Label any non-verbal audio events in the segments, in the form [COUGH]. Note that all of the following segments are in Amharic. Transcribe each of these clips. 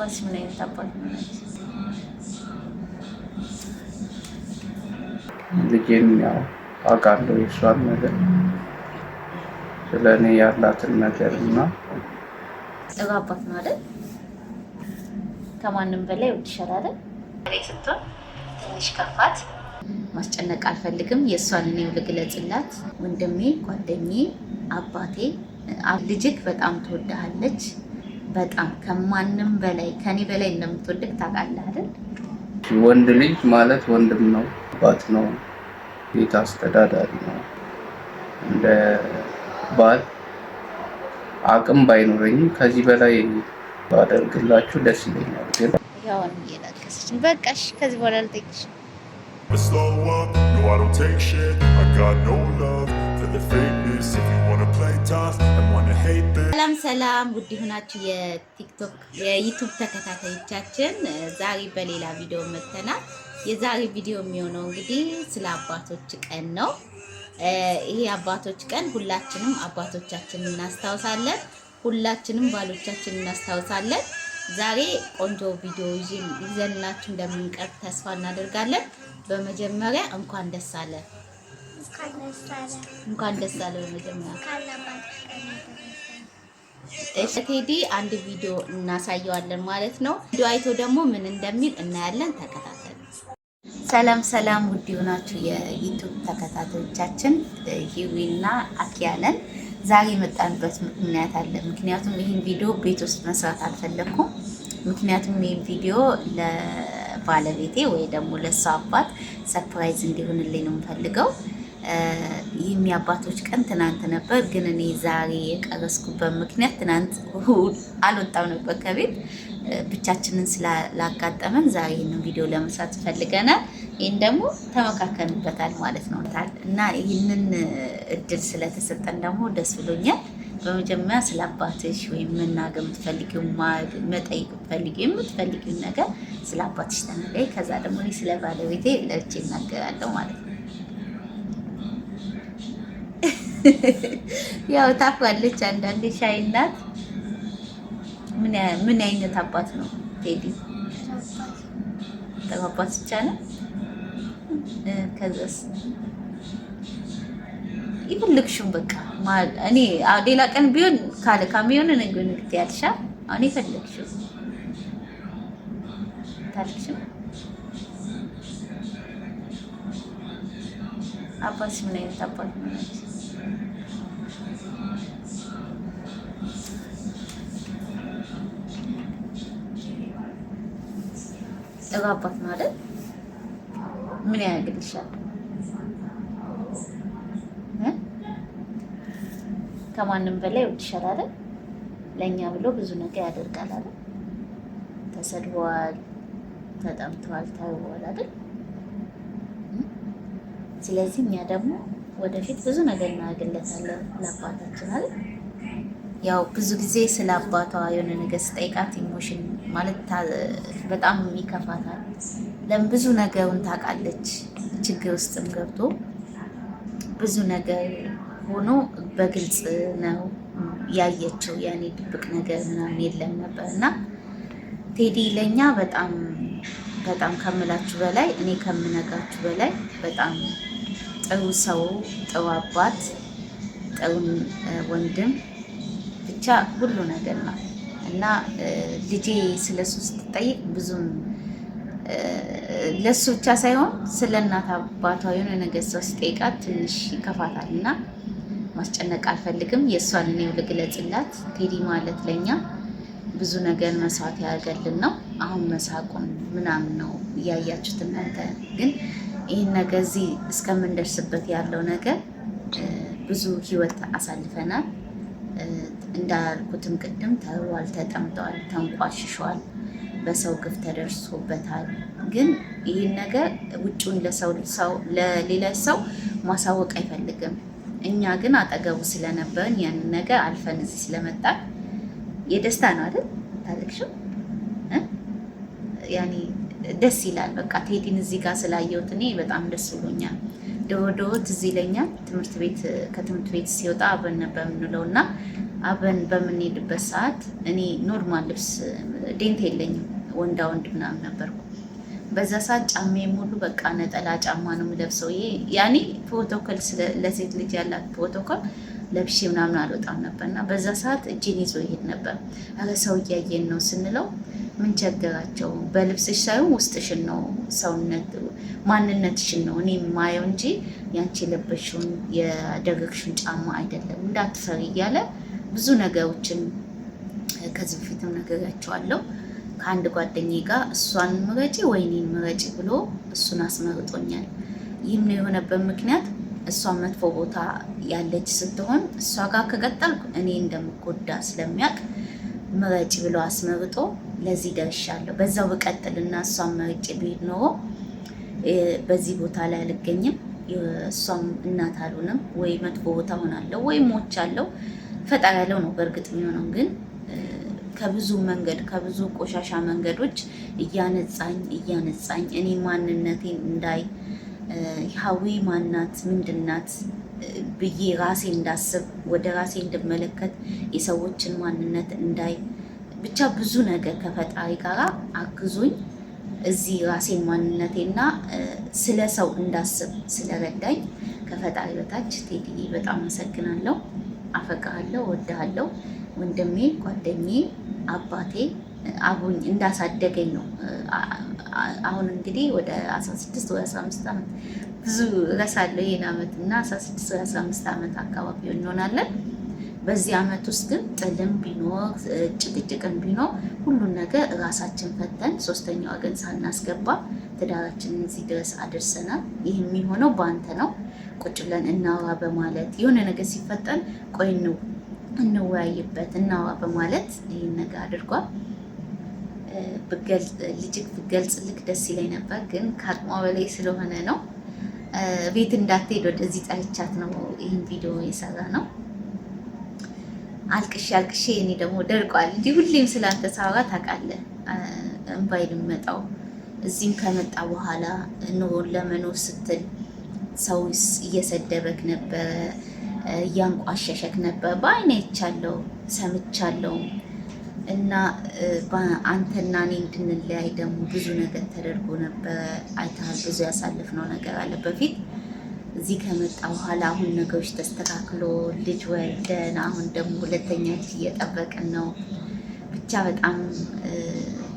ኳስ ምን አይነት አባት ልጄን ያው አውቃለሁ የእሷን ነገር ስለ እኔ ያላትን ነገር እና ጥሩ አባት ነው አይደል? ከማንም በላይ ይወድሻል አይደል? ስትሆን ትንሽ ከፋት ማስጨነቅ አልፈልግም። የእሷን እኔው ልግለጽላት። ወንድሜ፣ ጓደኛዬ፣ አባቴ ልጅክ በጣም ትወድሃለች። በጣም ከማንም በላይ ከኔ በላይ እንደምትወድቅ ታውቃለህ አይደል? ወንድ ልጅ ማለት ወንድም ነው፣ አባት ነው፣ ቤት አስተዳዳሪ ነው። እንደ ባል አቅም ባይኖረኝም ከዚህ በላይ ባደርግላችሁ ደስ ይለኛል። ግን ያው እየለቀሰች በቃ እሺ፣ ከዚህ በኋላ አልጠይቅሽም። ሰላም ሰላም፣ ውድ ይሁናችሁ የቲክቶክ የዩቱብ ተከታታዮቻችን፣ ዛሬ በሌላ ቪዲዮ መጥተናል። የዛሬ ቪዲዮ የሚሆነው እንግዲህ ስለ አባቶች ቀን ነው። ይሄ አባቶች ቀን ሁላችንም አባቶቻችን እናስታውሳለን። ሁላችንም ባሎቻችን እናስታውሳለን። ዛሬ ቆንጆ ቪዲዮ ይዘንላችሁ እንደምንቀርብ ተስፋ እናደርጋለን። በመጀመሪያ እንኳን ደስ አለን እንኳን ደስ አለ። በመጀመሪያ ቴዲ አንድ ቪዲዮ እናሳየዋለን ማለት ነው። ቪዲዮ አይቶ ደግሞ ምን እንደሚል እናያለን። ተከታተሉ። ሰላም ሰላም፣ ውድ የሆናችሁ የዩቱብ ተከታታዮቻችን ሂዊና አኪያለን። ዛሬ የመጣንበት ምክንያት አለ። ምክንያቱም ይህን ቪዲዮ ቤት ውስጥ መስራት አልፈለግኩም። ምክንያቱም ይህን ቪዲዮ ለባለቤቴ ወይ ደግሞ ለእሷ አባት ሰርፕራይዝ እንዲሆንልኝ ነው የምፈልገው። ይህም የአባቶች ቀን ትናንት ነበር፣ ግን እኔ ዛሬ የቀረስኩበት ምክንያት ትናንት አልወጣም ነበር ከቤት ብቻችንን ስላጋጠመን ዛሬ ይህንን ቪዲዮ ለመስራት ፈልገናል። ይህን ደግሞ ተመካከልበታል ማለት ነው እና ይህንን እድል ስለተሰጠን ደግሞ ደስ ብሎኛል። በመጀመሪያ ስለ አባትሽ ወይም መናገር የምትፈልጊው መጠይቅ የምትፈልጊው የምትፈልጊውን ነገር ስለ አባትሽ ተናገሪ። ከዛ ደግሞ ስለ ባለቤቴ ለእጅ እናገራለሁ ማለት ነው። [LAUGHS] ያው ታፍራለች አንዳንዴ። ሻይ እናት ምን አይነት አባት ነው ቴዲ? ጥሩ አባት ብቻ ነው። ከዛስ ይፈልግሽም በቃ እኔ ሌላ ቀን ቢሆን ካለ ካሚዮን ነው ግን እንግዲህ ያልሻ አሁን ይፈልግሽም ታልክሽም አባትሽ ምን አይነት አባት ነው? እባባት ነው አይደል? ምን ያግልሻል? ከማንም በላይ ይወድሻል አይደል? ለእኛ ብሎ ብዙ ነገር ያደርጋል አይደል? ተሰድበዋል፣ ተጠምቷል፣ ታይዋል አይደል? ስለዚህ እኛ ደግሞ ወደፊት ብዙ ነገር እናደርግለታለን ለአባታችን አይደል? ያው ብዙ ጊዜ ስለ አባቷ የሆነ ነገር ስጠይቃት ኢሞሽን ማለት በጣም ይከፋታል። ለብዙ ብዙ ነገሩን ታውቃለች። ችግር ውስጥም ገብቶ ብዙ ነገር ሆኖ በግልጽ ነው ያየችው። ያኔ ድብቅ ነገር ምናምን የለም ነበር እና ቴዲ ለእኛ በጣም በጣም ከምላችሁ በላይ እኔ ከምነጋችሁ በላይ በጣም ጥሩ ሰው፣ ጥሩ አባት፣ ጥሩ ወንድም ብቻ ሁሉ ነገር ነው። እና ልጄ ስለሱ ስትጠይቅ ብዙም ለሱ ብቻ ሳይሆን ስለ እናት አባቷ የሆነ ነገር ሰው ሲጠይቃት ትንሽ ይከፋታል እና ማስጨነቅ አልፈልግም። የእሷን እኔው ልግለጽላት። ቴዲ ማለት ለእኛ ብዙ ነገር መስዋዕት ያደርገልን ነው። አሁን መሳቁን ምናምን ነው እያያችሁት እናንተ። ግን ይህን ነገር እዚህ እስከምንደርስበት ያለው ነገር ብዙ ህይወት አሳልፈናል። እንዳልኩትም ቅድም ተብሏል፣ ተጠምጠዋል፣ ተንቋሽሿል፣ በሰው ግፍ ተደርሶበታል። ግን ይህን ነገር ውጩን ለሌላ ሰው ማሳወቅ አይፈልግም። እኛ ግን አጠገቡ ስለነበርን ያን ነገር አልፈን እዚህ ስለመጣ የደስታ ነው አይደል? ታለቅሽም ያኔ ደስ ይላል። በቃ ቴዲን እዚህ ጋር ስላየሁት እኔ በጣም ደስ ብሎኛል። ድሮ ድሮ ይለኛል ትምህርት ቤት ከትምህርት ቤት ሲወጣ አብረን ነበር እና አብረን በምንሄድበት ሰዓት እኔ ኖርማል ልብስ ዴንት የለኝም ወንዳ ወንድ ምናምን ነበርኩ። በዛ ሰዓት ጫማ የሙሉ በቃ ነጠላ ጫማ ነው የምለብሰው። ይሄ ያኔ ፕሮቶኮል ለሴት ልጅ ያላት ፕሮቶኮል ለብሼ ምናምን አልወጣም ነበር እና በዛ ሰዓት እጄን ይዞ ይሄድ ነበር። ኧረ ሰው እያየን ነው ስንለው ምን ቸገራቸው? በልብስሽ ሳይሆን ውስጥሽን ነው ሰውነት ማንነትሽን ነው እኔ የማየው እንጂ ያንቺ የለበሽውን የደረግሽውን ጫማ አይደለም። እንዳትፈሪ እያለ ብዙ ነገሮችን ከዚህ በፊትም ነገራቸዋለሁ። ከአንድ ጓደኛ ጋር እሷን ምረጪ ወይኔን ምረጪ ብሎ እሱን አስመርጦኛል። ይህም ነው የሆነበት ምክንያት እሷ መጥፎ ቦታ ያለች ስትሆን እሷ ጋር ከቀጠልኩ እኔ እንደምጎዳ ስለሚያውቅ ምረጪ ብሎ አስመርጦ ለዚህ ደርሻለሁ። በዛው ብቀጥልና እሷም መርጬ ብሄድ ኖሮ በዚህ ቦታ ላይ አልገኝም። እሷም እናት አሉንም ወይ መጥፎ ቦታ ሆናለሁ ወይ ሞች አለው ፈጣሪ ያለው ነው በእርግጥ የሚሆነው ግን ከብዙ መንገድ ከብዙ ቆሻሻ መንገዶች እያነጻኝ እያነጻኝ እኔ ማንነቴን እንዳይ ሀዊ ማናት ምንድናት ብዬ ራሴ እንዳስብ ወደ ራሴ እንድመለከት የሰዎችን ማንነት እንዳይ ብቻ ብዙ ነገር ከፈጣሪ ጋር አግዙኝ እዚህ ራሴን ማንነቴና ስለ ሰው እንዳስብ ስለረዳኝ ከፈጣሪ በታች ቴዲዬ በጣም አመሰግናለሁ። አፈቅሃለሁ፣ ወድሃለሁ። ወንድሜ፣ ጓደኛዬ፣ አባቴ አቡኝ እንዳሳደገኝ ነው። አሁን እንግዲህ ወደ 16 ወይ 15 ዓመት ብዙ ረሳለሁ ይህን ዓመት እና 16 ወይ 15 ዓመት አካባቢ እንሆናለን። በዚህ ዓመት ውስጥ ግን ጥልም ቢኖር ጭቅጭቅም ቢኖር ሁሉን ነገር እራሳችን ፈተን ሶስተኛ ወገን ሳናስገባ ትዳራችንን እዚህ ድረስ አድርሰናል። ይህ የሚሆነው በአንተ ነው፣ ቁጭ ብለን እናውራ በማለት የሆነ ነገር ሲፈጠን ቆይ እንወያይበት እናውራ በማለት ይህን ነገር አድርጓል። ልጅግ ልክ ደስ ይለኝ ነበር፣ ግን ከአቅሟ በላይ ስለሆነ ነው። ቤት እንዳትሄድ ወደዚህ ጠርቻት ነው ይህን ቪዲዮ የሰራ ነው። አልቅሼ አልቅሼ እኔ ደግሞ ደርቋል። እንዲህ ሁሌም ስላንተ ሳወራ ታውቃለህ እንባ ልመጣው እዚህም ከመጣ በኋላ ኑሮን ለመኖር ስትል ሰው እየሰደበክ ነበረ፣ እያንቋሸሸክ ነበር። በአይን አይቻለሁ ሰምቻለሁ። እና አንተና እኔ እንድንለያይ ደግሞ ብዙ ነገር ተደርጎ ነበረ። አይተሃል፣ ብዙ ያሳለፍነው ነገር አለ በፊት እዚህ ከመጣ በኋላ አሁን ነገሮች ተስተካክሎ ልጅ ወልደን አሁን ደግሞ ሁለተኛ ልጅ እየጠበቅን ነው። ብቻ በጣም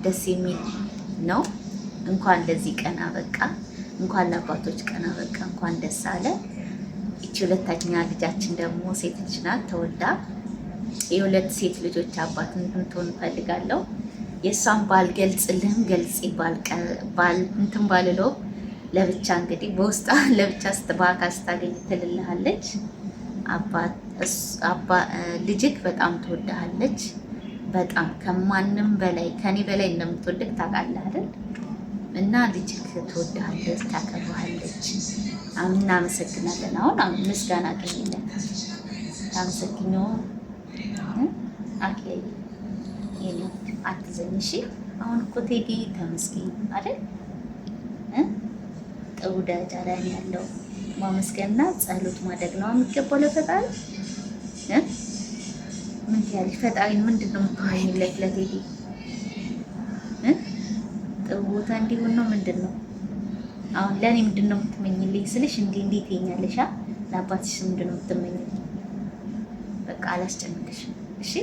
ደስ የሚል ነው። እንኳን ለዚህ ቀን አበቃ፣ እንኳን ለአባቶች ቀን አበቃ፣ እንኳን ደስ አለ። ይቺ ሁለተኛ ልጃችን ደግሞ ሴት ልጅ ናት፣ ተወልዳ የሁለት ሴት ልጆች አባት እንድትሆን እፈልጋለሁ። የእሷን ባልገልጽልህም ገልጽ ባል እንትን ባልለው ለብቻ እንግዲህ በውስጧ [LAUGHS] ለብቻ ስትባካ ስታገኝ ትልልሃለች። ልጅክ በጣም ትወድሃለች። በጣም ከማንም በላይ ከኔ በላይ እንደምትወድቅ ታውቃለህ አይደል? እና ልጅክ ትወድሃለች፣ ታከብርሃለች። እናመሰግናለን። አሁን ምስጋና አገኝለን ታመሰግኘ አክሌ አትዘኝ። እሺ አሁን እኮ ቴዲ ተመስገን አይደል? ጥሩ ደረጃ ላይ ያለው። ማመስገንና ጸሎት ማድረግ ነው የሚገባው ለፈጣሪ። ምን ትያለሽ? ፈጣሪ ምንድን ነው የምታወሪለት? ለቴዲ ጥሩ ቦታ እንዲሆን ነው ምንድን ነው አሁን ለእኔ ምንድን ነው የምትመኝልኝ ስልሽ፣ እንዲ እንዴት ይኛለሻ? ለአባትሽ ምንድን ነው የምትመኝልኝ? በቃ አላስጨንቅሽም። እሺ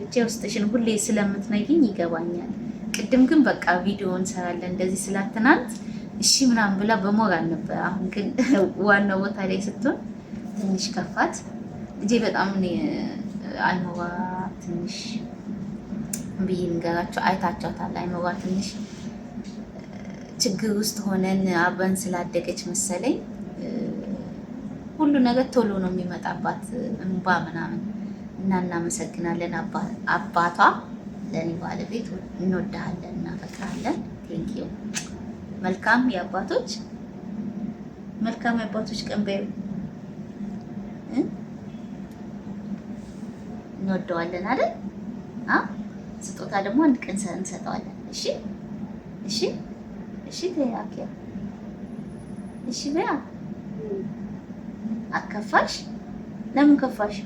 ብቻ ውስጥሽን ሁሌ ስለምትነግኝ ይገባኛል። ቅድም ግን በቃ ቪዲዮ እንሰራለን እንደዚህ ስላትናንት እሺ ምናምን ብላ በሞራል ነበር። አሁን ግን ዋናው ቦታ ላይ ስትሆን ትንሽ ከፋት። ልጄ በጣም አይምሯ ትንሽ ብዬ ንገራቸው አይታቸዋታል። አይምሯ ትንሽ ችግር ውስጥ ሆነን አብረን ስላደገች መሰለኝ ሁሉ ነገር ቶሎ ነው የሚመጣባት እንባ ምናምን እና እናመሰግናለን አባቷ ለኔ ባለቤት እንወዳሃለን፣ እናፈቅራለን። ቴንኪው መልካም የአባቶች መልካም የአባቶች ቀን በይ። እንወደዋለን አይደል? አ ስጦታ ደግሞ አንድ ቀን እንሰጠዋለን። እሺ፣ እሺ፣ እሺ። ተያቂያ እሺ። በያ አከፋሽ? ለምን ከፋሽ?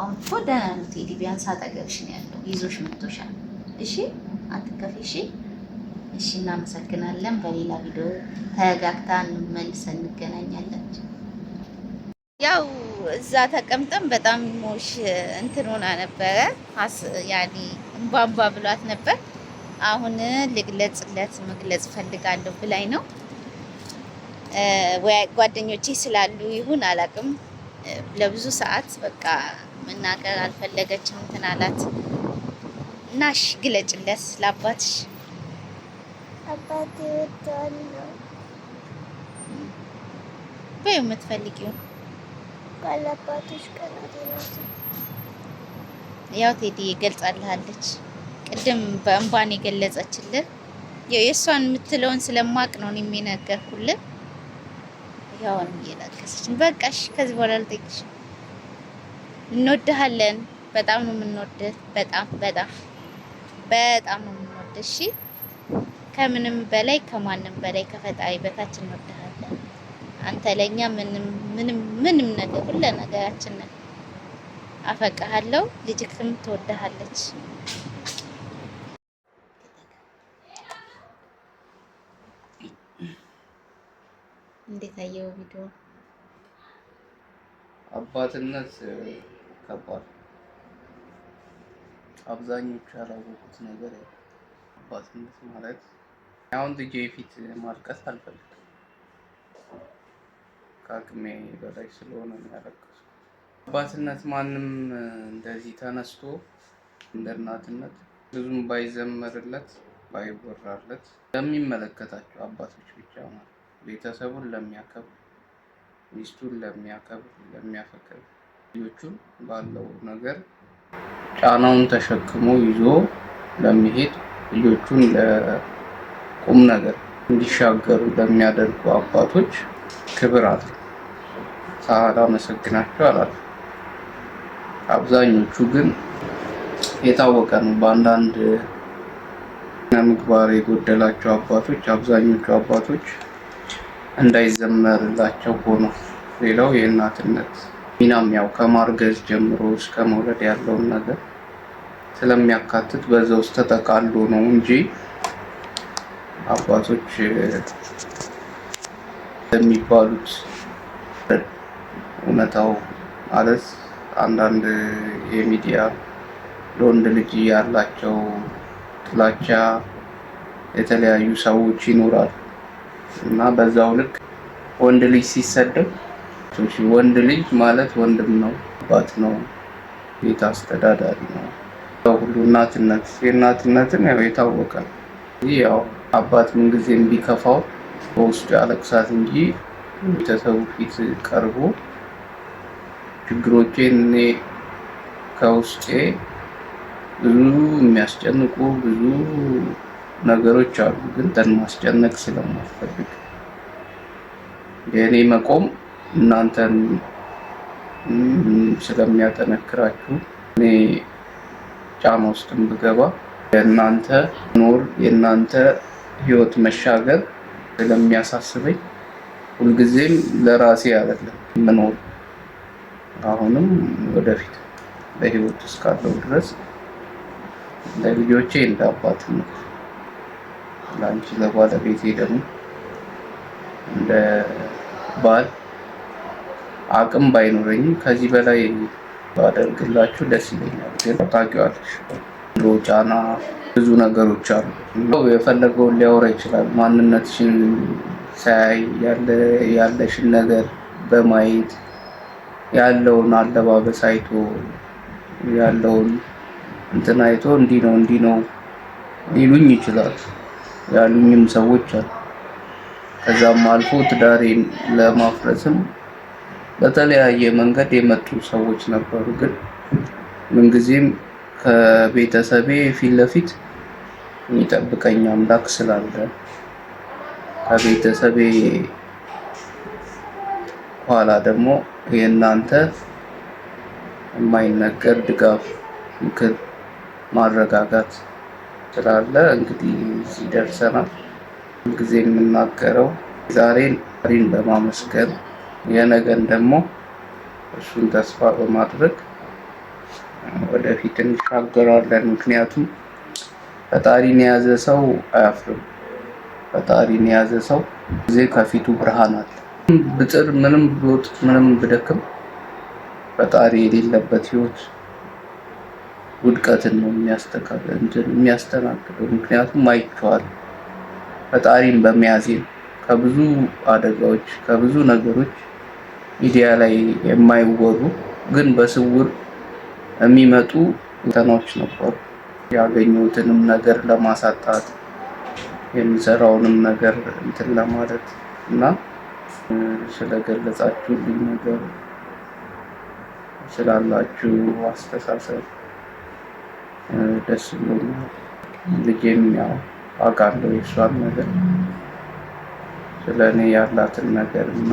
አሁን እኮ ደህና ነው ቴዲ፣ ቢያንስ አጠገብሽ ነው ያለው፣ ይዞሽ መጥቶሻል። እሺ አትከፊ። እሺ እሺ። እናመሰግናለን። በሌላ ቪዲዮ ተጋግታ እንመልሰ እንገናኛለን። ያው እዛ ተቀምጠን በጣም ሞሽ እንትን ሆና ነበረ። ያኔ እምባምባ ብሏት ነበር። አሁን ልግለጽለት መግለጽ ፈልጋለሁ ብላኝ ነው ወይ ጓደኞቼ ስላሉ ይሁን አላቅም። ለብዙ ሰዓት በቃ መናገር አልፈለገችም እንትን አላት። ናሽ ግለጭለት ለአባትሽ። አባቴ እወደዋለሁ በይው የምትፈልጊው ባለአባቶች ቀናት ያው ቴዲ ይገልጻልሃለች። ቅድም በእንባን የገለጸችልን ያው የእሷን የምትለውን ስለማቅ ነው የሚነገርኩልን። ያውን እየለቀሰች በቃሽ፣ ከዚህ በኋላ ልጠይቅሽ። እንወድሃለን፣ በጣም ነው የምንወድህ፣ በጣም በጣም በጣም ነው የምንወደው። እሺ ከምንም በላይ ከማንም በላይ ከፈጣሪ በታች እንወድሃለን። አንተ ለኛ ምንም ምንም ምንም ነገር ሁሉ ነገራችን ነህ። አፈቅሃለሁ። ልጅክም ትወድሃለች። እንዴት አየው ቪዲዮ አባትነት ከባድ አብዛኞቹ ያላወቁት ነገር አባትነት ማለት አሁን ልጄ የፊት ማልቀስ አልፈልግም። ከአቅሜ በላይ ስለሆነ ነው አባትነት ማንም እንደዚህ ተነስቶ እንደ እናትነት ብዙም ባይዘመርለት ባይወራለት ለሚመለከታቸው አባቶች ብቻ ማለት ቤተሰቡን ለሚያከብር፣ ሚስቱን ለሚያከብር፣ ለሚያፈቅር ልጆቹን ባለው ነገር ጫናውን ተሸክሞ ይዞ ለመሄድ ልጆቹን ለቁም ነገር እንዲሻገሩ ለሚያደርጉ አባቶች ክብር አለ መሰግናቸው አላልኩም። አብዛኞቹ ግን የታወቀ ነው። በአንዳንድ ምግባር የጎደላቸው አባቶች አብዛኞቹ አባቶች እንዳይዘመርላቸው ሆኖ ሌላው የእናትነት ሚናም ያው ከማርገዝ ጀምሮ እስከ መውለድ ያለውን ነገር ስለሚያካትት በዛ ውስጥ ተጠቃሎ ነው እንጂ አባቶች የሚባሉት እውነታው ማለት አንዳንድ የሚዲያ ለወንድ ልጅ ያላቸው ጥላቻ የተለያዩ ሰዎች ይኖራሉ እና በዛው ልክ ወንድ ልጅ ሲሰደብ ወንድ ልጅ ማለት ወንድም ነው፣ አባት ነው፣ ቤት አስተዳዳሪ ነው። ሁሉ እናትነት የእናትነትን ያው የታወቀ ነው። ያው አባት ምንጊዜም ቢከፋው በውስጡ ያለቅሳት እንጂ ቤተሰቡ ፊት ቀርቦ ችግሮቼን እኔ ከውስጤ ብዙ የሚያስጨንቁ ብዙ ነገሮች አሉ፣ ግን ተን ማስጨነቅ ስለማስፈልግ የእኔ መቆም እናንተን ስለሚያጠነክራችሁ እኔ ጫና ውስጥም ብገባ የእናንተ ኖር የእናንተ ህይወት መሻገር ስለሚያሳስበኝ ሁልጊዜም ለራሴ አይደለም ምኖር አሁንም ወደፊት በህይወት እስካለው ድረስ ለልጆቼ እንዳባት ለአንቺ ለባለቤቴ ደግሞ እንደ ባል አቅም ባይኖረኝም ከዚህ በላይ ባደርግላችሁ ደስ ይለኛል። ግን ታውቂዋለሽ፣ ጫና ብዙ ነገሮች አሉ። የፈለገውን ሊያወራ ይችላል። ማንነትሽን ሳያይ ያለሽን ነገር በማየት ያለውን አለባበስ አይቶ ያለውን እንትን አይቶ እንዲህ ነው እንዲህ ነው ሊሉኝ ይችላል ያሉኝም ሰዎች አሉ። ከዛም አልፎ ትዳሬን ለማፍረስም በተለያየ መንገድ የመጡ ሰዎች ነበሩ። ግን ምንጊዜም ከቤተሰቤ ፊት ለፊት የሚጠብቀኝ አምላክ ስላለ ከቤተሰቤ ኋላ ደግሞ የእናንተ የማይነገር ድጋፍ፣ ምክር፣ ማረጋጋት ስላለ እንግዲህ እዚህ ደርሰናል። ጊዜ የምናገረው ዛሬን ሪን በማመስገን የነገን ደግሞ እሱን ተስፋ በማድረግ ወደፊት እንሻገራለን። ምክንያቱም ፈጣሪን የያዘ ሰው አያፍርም። ፈጣሪን የያዘ ሰው ጊዜ ከፊቱ ብርሃን አለ። ብጥር ምንም ብሎጥ ምንም ብደክም ፈጣሪ የሌለበት ህይወት ውድቀትን ነው የሚያስተናግደው። ምክንያቱም አይቼዋል። ፈጣሪን በመያዜ ከብዙ አደጋዎች ከብዙ ነገሮች ሚዲያ ላይ የማይወሩ ግን በስውር የሚመጡ ተናዎች ነበሩ። ያገኙትንም ነገር ለማሳጣት የሚሰራውንም ነገር እንትን ለማለት እና ስለገለጻችሁልኝ ነገር ስላላችሁ አስተሳሰብ ደስ ብሎኛል። ልጄም ያው አውቃለሁ የእሷን ነገር ስለ እኔ ያላትን ነገር እና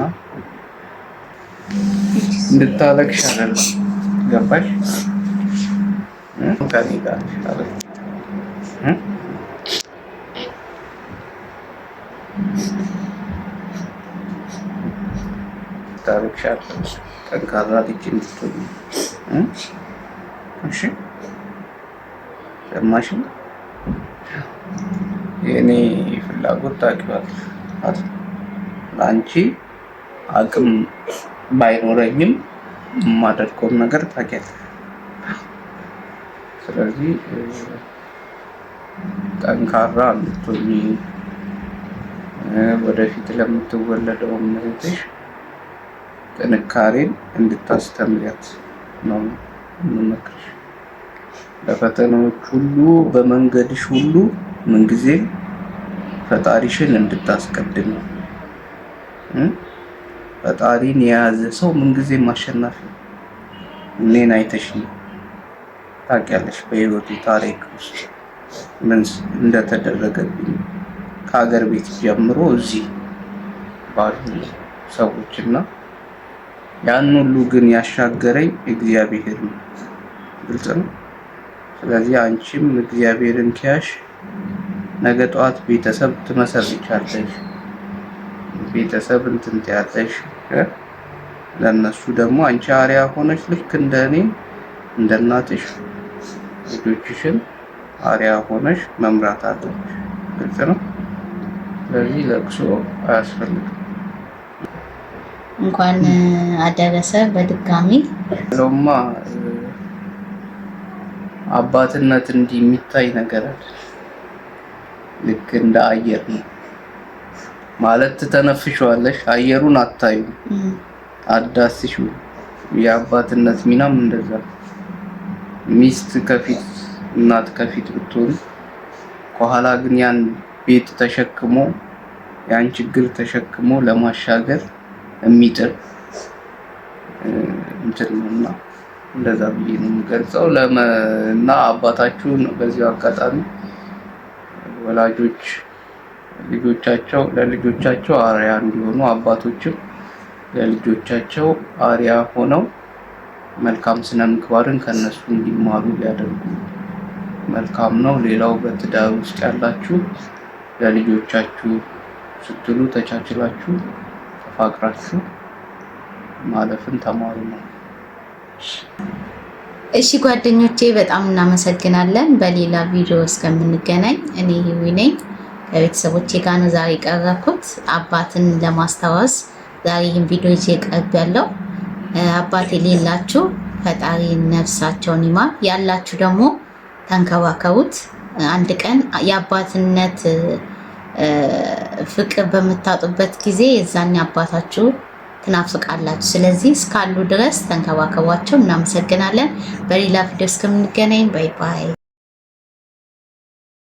እንድታለቅሽ አይደለም። ገባሽ? ከእኔ ጋር ጠንካራ ልጅ እንድትሆኝ እሺ። ሰማሽ? የእኔ ፍላጎት ታውቂዋለሽ። ለአንቺ አቅም ባይኖረኝም የማደርገውን ነገር ታውቂያለሽ። ስለዚህ ጠንካራ እንድትሆኚ ወደፊት ለምትወለደው እህትሽ ጥንካሬን እንድታስተምሪያት ነው የምመክርሽ። በፈተናዎች ሁሉ በመንገድሽ ሁሉ ምንጊዜም ፈጣሪሽን እንድታስቀድም ነው። ፈጣሪን የያዘ ሰው ምንጊዜም አሸናፊ ነው። እኔን አይተሽ ታውቂያለሽ፣ በህይወቱ ታሪክ ውስጥ ምን እንደተደረገብኝ ከሀገር ቤት ጀምሮ እዚህ ባሉ ሰዎች እና ያን ሁሉ ግን ያሻገረኝ እግዚአብሔር ነው። ግልጽ ነው። ስለዚህ አንቺም እግዚአብሔርን ከያሽ ነገ ጠዋት ቤተሰብ ትመሰርቻለሽ፣ ቤተሰብ እንትን ያለሽ ለእነሱ ደግሞ አንቺ አሪያ ሆነች ልክ እንደ እኔ እንደ እናትሽ ልጆችሽን አሪያ ሆነሽ መምራት አለች። ግልጽ ነው። ስለዚህ ለቅሶ አያስፈልግም። እንኳን አደረሰ በድጋሚ ለማ አባትነት እንዲህ የሚታይ ነገር አለ። ልክ እንደ አየር ነው። ማለት ትተነፍሸዋለሽ፣ አየሩን አታዩ አዳስሽ የአባትነት ሚናም እንደዛ ሚስት ከፊት እናት ከፊት ብትሆን ከኋላ ግን ያን ቤት ተሸክሞ ያን ችግር ተሸክሞ ለማሻገር የሚጥር እንትን ነውና እንደዛ ብዬ ነው የምገልጸው። ለመ እና አባታችሁን በዚሁ አጋጣሚ ወላጆች ልጆቻቸው ለልጆቻቸው አርያ እንዲሆኑ አባቶችም ለልጆቻቸው አርያ ሆነው መልካም ስነ ምግባርን ከነሱ እንዲማሩ ቢያደርጉ መልካም ነው። ሌላው በትዳር ውስጥ ያላችሁ ለልጆቻችሁ ስትሉ ተቻችላችሁ ተፋቅራችሁ ማለፍን ተማሩ ነው። እሺ ጓደኞቼ፣ በጣም እናመሰግናለን። በሌላ ቪዲዮ እስከምንገናኝ እኔ ህዊ ነኝ። ከቤተሰቦቼ ጋር ነው ዛሬ የቀረብኩት አባትን ለማስታወስ ዛሬ ይህን ቪዲዮ ይዤ ቀርብ ያለው አባት የሌላችሁ ፈጣሪ ነፍሳቸውን ይማር፣ ያላችሁ ደግሞ ተንከባከቡት። አንድ ቀን የአባትነት ፍቅር በምታጡበት ጊዜ የዛኔ አባታችሁ ትናፍቃላችሁ። ስለዚህ እስካሉ ድረስ ተንከባከቧቸው። እናመሰግናለን። በሌላ ቪዲዮ እስከምንገናኝ ባይ ባይ።